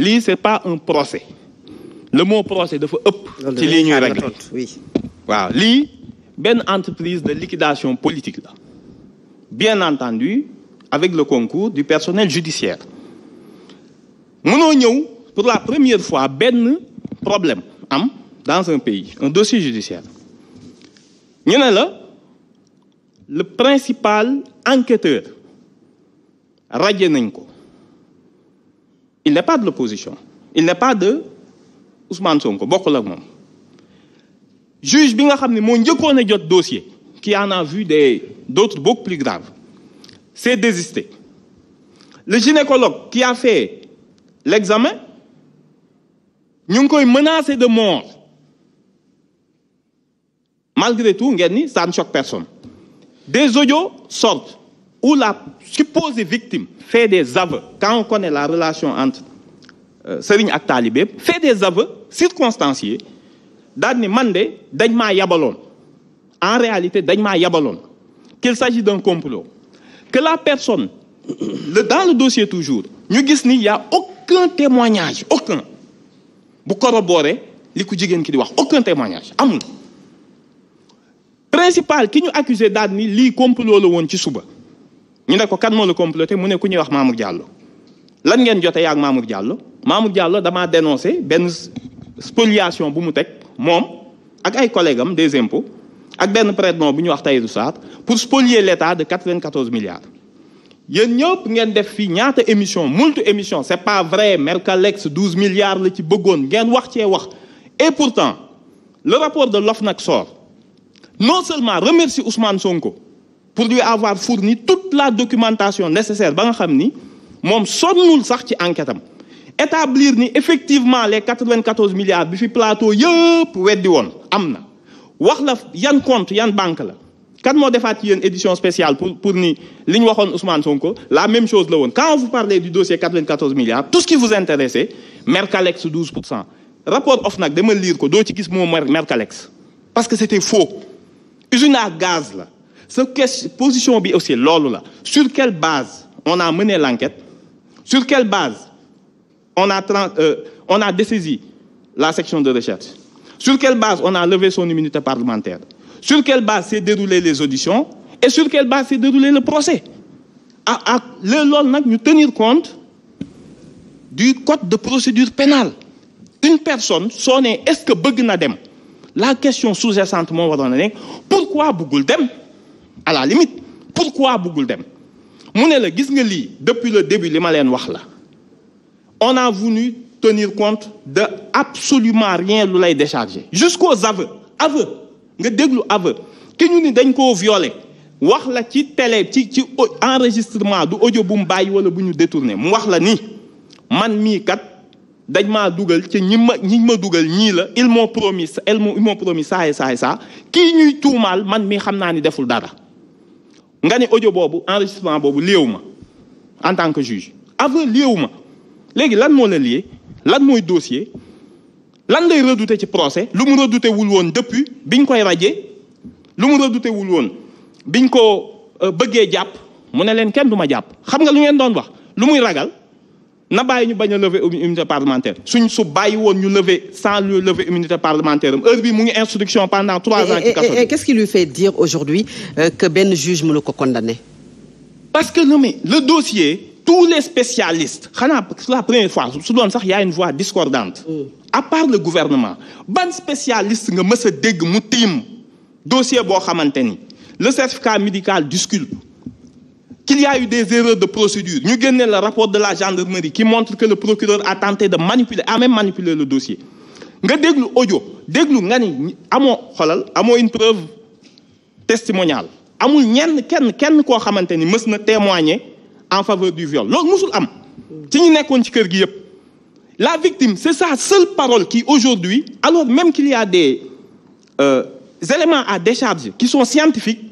lii c'est pas un procès le mot procès dafa ëpp ci lii régler waaw lii benn entreprise de liquidation politique la bien entendu avec le concours du personnel judiciaire mënoo ñëw pour la première fois benn problème am dans un pays un dossier judiciaire ñu ne la le principal enquêteur nañ ko il n'est pas de l'opposition il n'est pas de Ousmane Sonko bokkul ak moom juge bi nga xam ne moo njëkkoon jot dossier qui en a vu des d'autres beaucoup plus graves s'est désisté le gynécologue qui a fait l'examen ñu ngi koy menacé de mort malgré tout ngeen ni ça personne des audios sortent où la supposée victime fait des aveux, quand on connaît la relation entre euh, Serigne ak taalibe fait des aveux circonstanciés daal ni man de dañ maa yabaloon en réalité dañ maa yabaloon qu'il s'agit d'un complot que la personne le dans le dossier toujours ñu gis ni y a aucun témoignage aucun bu corroboré li ku jigéen ki di wax aucun témoignage amul principal ki ñu accuser daal ni lii complot la woon ci suba ñu ne ko kan moo la comploté mu ne ku ñuy wax Mamour Diallo lan ngeen jotee yaag Mamour Diallo Mamour Diallo damaa dénoncé benn spoliation bu mu teg moom ak ay collègues am des impôts ak benn prête-nom bu ñu wax Tahirou Sarr pour spolier l'État de 94 milliards. yéen ñëpp ngeen def fii ñaata émission multi émission c'est pas vrai Mercalex 12 milliards la ci bëggoon ngeen wax cee wax et pourtant le rapport de l'OFNAC sort non seulement remercie Ousmane Sonko. pour lui avoir fourni toute la documentation nécessaire ba nga xam ni moom sonnul sax ci enquête am établir ni effectivement les 94 milliards bi fi plateau yëpp weddi woon am na wax la yan compte yan banque la kan moo defaat yéen édition spéciale pour pour ni li ñu waxoon Ousmane Sonko la même chose la woon quand vous parlez du dossier 94 milliards tout ce qui vous intéressait Mercalex 12 pour cent rapport lire ko doo ci gis moo Mercalex parce que c'était faux usine à gaz la sa position bi aussi loolu la sur quelle base on a mené l'enquête sur quelle base on a euh, on a dessaisi la section de recherche sur quelle base on a levé son immunité parlementaire sur quelle base s'est déroulées les auditions et sur quelle base s'est déroulé le procès à à loolu nag ñu tenir compte du code de procédure pénale une personne soo nee est-ce que bëgg na dem la question sous-jacente moo waroon a nekk pourquoi bëggul dem à la limite pourquoi bëggul dem mu ne la gis nga lii depuis le début li ma leen wax la on a voulu tenir compte de absolument rien lu lay décharger jusqu'aux aveux aveux nga déglu aveux ki ñu ni dañ koo violé wax la ci télé ci ci enregistrement du audio bu mu bàyyi wala bu ñu détourner mu wax la ni man mii kat dañ maa dugal ci ñi ma ñi ma dugal ñii la ils m'ont promis ils m'ont promis ça et ça et ça kii ñuy tuumaal man mii xam naa ni deful dara nga ne audio boobu enregistrement boobu liewu ma en tant que juge aveu liewu ma léegi lan moo la lie lan mooy dossier lan lay redouté ci procès lu mu redouté wul woon depuis ñu koy rajee lu mu redouté wul woon biñ ko euh, bëggee jàpp mu ne leen kenn duma ma jàpp xam nga lu ngeen doon wax lu muy ragal na bàyyi ñu bañ a lever immunité parlementaire suñ su bàyyi woon ñu lever sans lui lever immunité parlementaire am heure bi mu ngi instruction pendant trois ans. ci kaso qu'est-ce lui fait dire aujourd'hui euh, que benn juge mënu ko condamner. parce que le le dossier tous les spécialistes xanaa la première fois su doon sax y a une voix discordante. Mm. à part le gouvernement ban spécialiste nga mës dégg mu tiim dossier boo xamante ni le certificat médical disculpe. qu'il y a eu des erreurs de procédure ñu génne le rapport de la gendarmerie qui montre que le procureur a tenté de manipuler a même manipulé le dossier nga déglu ojo déglu nga ni amoo xolal amoo une preuve testimoniale amul ñenn kenn kenn koo xamante ni mës na témoigner en faveur du viol loolu mësul am ci ñu nekkoon ci kër gi yépp la victime c'est ça seule parole qui aujourd'hui alors même qu'il y des euh, éléments à décharger qui sont scientifiques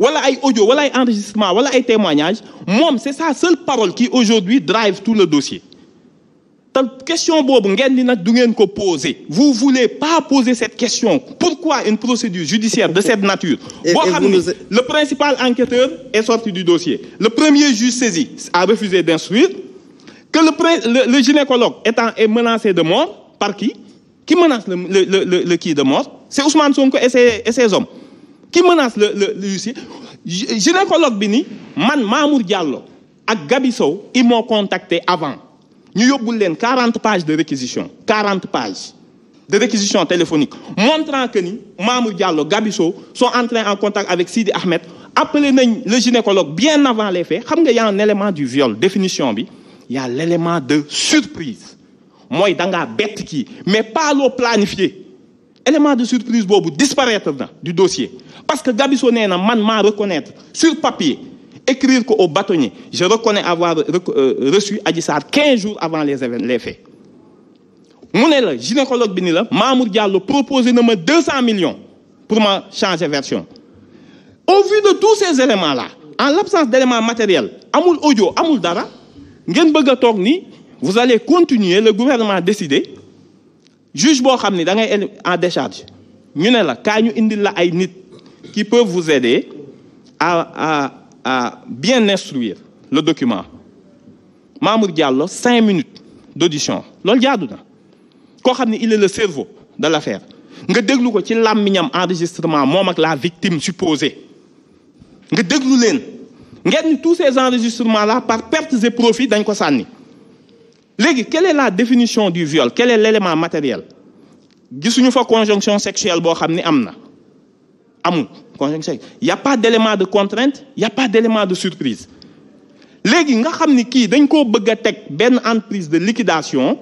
wala ay audio wala ay enregistrement wala ay témoignages moom c'est sa seule parole qui aujourd'hui drive tout le dossier te question boobu ngeen di nag du ngeen ko poser vous voulez pas poser cette question pourquoi une procédure judiciaire de cette nature boo xam le principal enquêteur est sorti du dossier le premier juge saisi a refusé d'instruire que le, le, le gynécologue étant est menacé de mort par qui qui menace le le le le qui de mort c'est Ousmane Sonko et ses ki menace le le l'huissier gynécologue bi ni man Mamour Diallo ak Gabi Sow ils m'ont avant ñu yóbbul leen 40 pages de réquisition 40 pages de réquisition téléphonique montrant que ni Mamour Diallo Gabi Sow sont en contact avec Sidi Ahmed appelé nañ le gynécologue bien avant les faits xam nga y un élément du viol définition bi y a l'élément de surprise mooy da ngaa bett kii mais pas loo planifié élément de surprise boobu disparaitre na du dossier Parce que Gabiso nee na man maa reconnaître sur papier écrire ko au bâtonnier je reconnais avoir euh, reçu Adji Sarr jours avant les événements les faits mu ne la gynécologue bi ni la Mamour Diallo proposé na ma 200 millions pour ma changer version au vu de tous ces éléments là en l'absence d'éléments matériels amul audio amul dara ngeen bëgg a toog ni vous allez continuer le gouvernement décider juge boo xam ni da ngay en décharge ñu ne la kaay ñu indil qui peuvent vous aider à, à, à bien instruire le document Mamour Diallo cinq minutes d'audition loolu jaadu na koo xam ne il est le cerveau de l'affaire nga déglu ko ci làmmiñam enregistrement moom ak la victime supposé nga déglu leen ngeen ni tous ces enregistrements là par pertes et profits dañ ko sànni léegi quelle est la définition du viol quel est l'élément matériel gisuñu fa conjonction sexuelle boo xam ni am na amul conseil y' a pas d' de contrainte y' a pas d' de surprise léegi nga xam ni kii dañ koo bëgg a teg benn entreprise de liquidation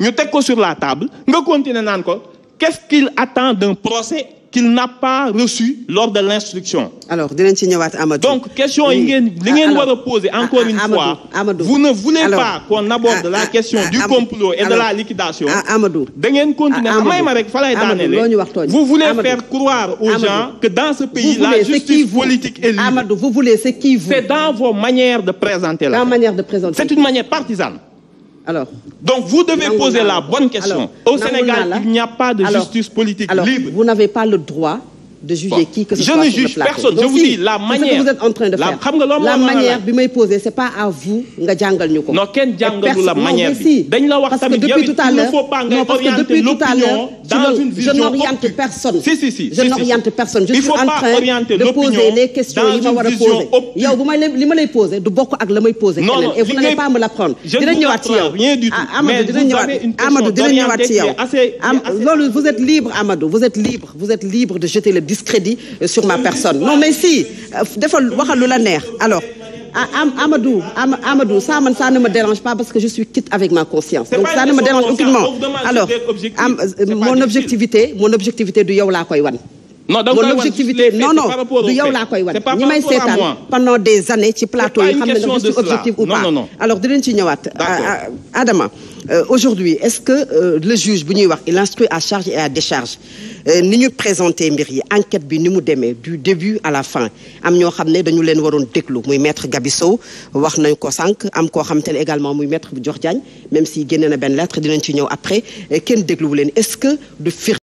ñu teg ko sur la table nga continuer naan ko qu'est-ce qu'il attend d'un procès qu'il n'a pas reçu lors de l'instruction. Alors, dinañ ci ñëwaat Amadou. Donc, question yi ngeen li ngeen ah, war a poser ah, encore ah, une fois. Amadou vous ne voulez pas qu'on aborde la question du complot et de la liquidation. Amadou da ngeen continuer may ma rek fa lay daanelee. Vous voulez faire croire aux gens que dans ce pays la justice politique est libre. Amadou, vous voulez c'est qui vous? C'est dans vos manières de présenter là. C'est une manière partisane. alors donc vous devez poser la bonne question. au Sénégal il n'y a pas de justice politique libre. vous n'avez pas le droit. de juger je ne juge personne. Donc, que vous êtes en train de faire. la manière bi may poser c'est pas à vous nga jàngal ñu ko. non kenn jàngalu la manière bi. dañ la wax tamit yow il ne faut pas nga orienter l'opinion dans une vision. de poser les questions yi ma war a poser. ma li poser du bokk ak la poser. et vous n'allez pas me l'apprendre. dina ñëwaat ah, Amadou dina vous êtes libre Amadou vous êtes libre de jeter le discrédit euh, sur ma personne non mais si euh, defal waxal lu la neex alors Amadou Amadou ça man ça ne me dérange pas parce que je suis quitte avec ma conscience donc ça ne me dérange aucunement alors euh, mon objectivité mon objectivité du yow laa koy wan non donc l'objectivité non non du yow laa koy wan ñi may seetaan pendant des années ci plateau yi xam ne nga gis objectif ou pas alors dinañ ci ñëwaat ah, ah, Adama euh, aujourd'hui est-ce que euh, le juge bu ñuy wax il instruit à charge et à décharge euh, ni ñu présenté mbir yi enquête bi ni mu demee du début à la fin am ñoo xam ne dañu leen waroon déglu muy maître Gabi Sow wax nañ ko sànq am koo xam te ne également muy maître Dior Diagne même si génne na benn lettre dinañ ci ñëw après kenn dégluwu leen est-ce que